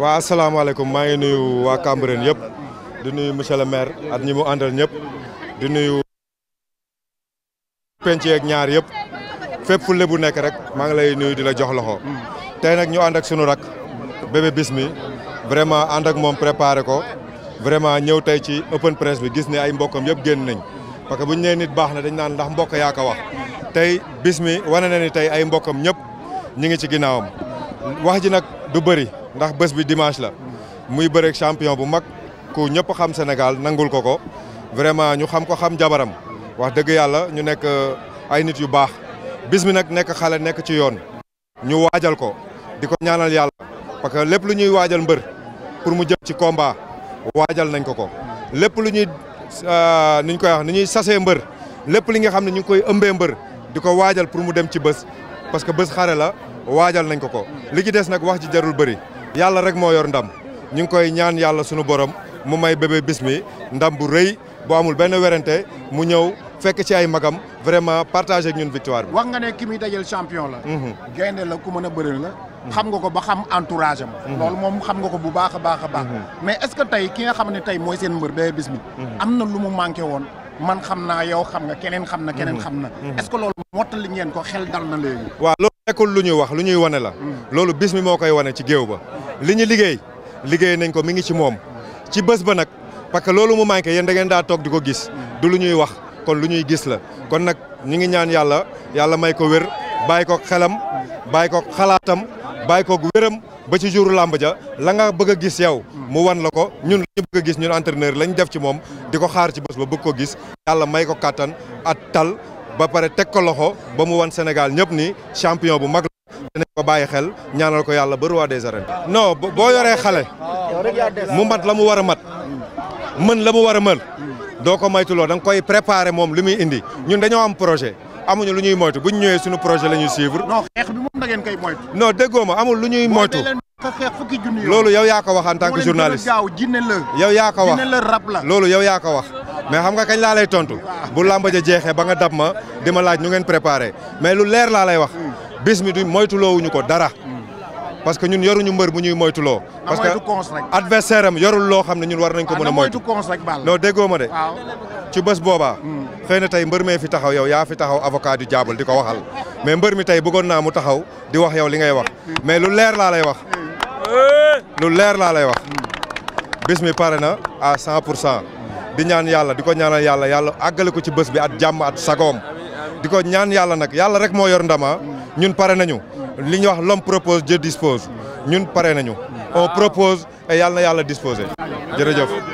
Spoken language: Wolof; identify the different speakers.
Speaker 1: waa asalaamaaleykum maa ngi nuyu waa Cambérène yëpp di nuyu monsieur le maire ak ñi mu àndal ñëpp di nuyu penc ak ñaar yëpp fépp fu lebu nekk rek maa ngi lay nuyu di la jox loxo tey nag ñu ànd ak sunu rak bébé Bismi vraiment ànd ak moom préparé ko vraiment ñëw tey ci open press bi gis ni ay mbokkam yëpp génn nañ parce que bu ñu nee nit baax na dañ naan ndax mbokk yaa ko wax tey Bismi wane na ni tey ay mbokkam ñëpp ñi ngi ci ginnaawam wax ji nag du bëri ndax bés bi dimanche la muy bëreeg champion bu mag ku ñëpp xam Sénégal nangul ko ko vraiment ñu xam ko xam jabaram wax dëgg yàlla ñu nekk ay nit yu baax bis bi nag nekk xale nekk ci yoon ñu waajal ko di ko ñaanal yàlla parce que lépp lu ñuy waajal mbër pour mu jëm ci combat waajal nañ ko ko lépp lu ñuy euh, ni ñu koy wax ni ñuy sasee mbër lépp li nga xam ne ñu ngi koy ëmbee mbër di ko waajal pour mu dem ci bës parce que bés xare la waajal nañ ko ko li ci des nag wax ji jarul bëri yàlla rek moo yor ndam ñu ngi koy ñaan yàlla sunu borom mu may bébé Bismi ndam bu rëy boo amul benn werante mu ñëw fekk ci ay magam vraiment partagé ak ñun victoire bi. wax nga ne ki muy dajal champion la. Mhm. gaynde la ku mën a bëri la. xam nga ko ba xam entourage am. Mhm. loolu moom xam nga ko bu baax a baax a baax. Mhm. mais est-ce que tey ki nga xam ne tey mooy seen mbër bébé Bismi. am na lu mu manqué woon. man xam naa yow xam nga keneen xam na. keneen xam na est-ce que ko xel dal na léegi. nekkul lu ñuy wax lu ñuy wane la loolu bis mi moo koy wane ci géew ba li ñu liggéey liggéey nañ ko mi ngi ci moom ci bés ba nag parce que loolu mu manqué yéen da ngeen daa toog di ko gis du lu ñuy wax kon lu ñuy gis la kon nag ñu ngi ñaan yàlla yàlla may ko wér bàyyi ko xelam bàyyi ko xalaatam bàyyi ko wéram ba ci juru làmb ja la nga bëgg a gis yow mu wan la ko ñun lañu bëgg a gis ñun entraîneur lañ def ci moom di ko xaar ci bés ba bëgg ko gis yàlla may ko kàttan at tal ba pare teg ko loxo ba mu wan Sénégal ñëpp ni champion bu mag dinañ ko bàyyi xel ñaanal ko yàlla ba roi des arènes. non boo yoree xale mu mat la mu war a mat mën la mu war a mën doo ko moytuloo da nga koy préparer moom li muy indi ñun dañoo am projet amuñu lu ñuy moytu buñ ñëwee suñu projet la ñuy suivre. da ngeen koy moytu. non déggoo ma amul lu ñuy moytu. loolu yow yaa ko wax en tant que journaliste. yow yaa ko wax loolu yow yaa ko wax. mais xam nga kañ laa lay tontu bu làmb ja jeexee ba nga dab ma di ma laaj ñu ngeen préparé mais lu leer laa lay wax bis mi du moytuloowuñu ko dara parce que ñun yoruñu mbër mu ñuy moytuloo parce que adversaire am yorul loo xam ne ñun war nañ ko ah, mën a moytu non déggoo ma de ci bés boobaa hmm. xëy na tey mbër mee fi taxaw yow yaa fi taxaw avocat yu jaabal di ko waxal mais mbër mi tey bëggoon naa mu taxaw di wax yow li ngay wax mais lu leer laa lay wax lu leer laa lay wax bis na à cent pour cent di ñaan yàlla di ko ñaanal yàlla yàlla àggale ko ci bés bi at jàmm at sagoom di ko ñaan yàlla nag yàlla rek moo yor ndama ñun pare nañu li ñuy wax l'homme propose Dieu dispose ñun pare nañu on propose et yàlla na yàlla disposé jërëjëf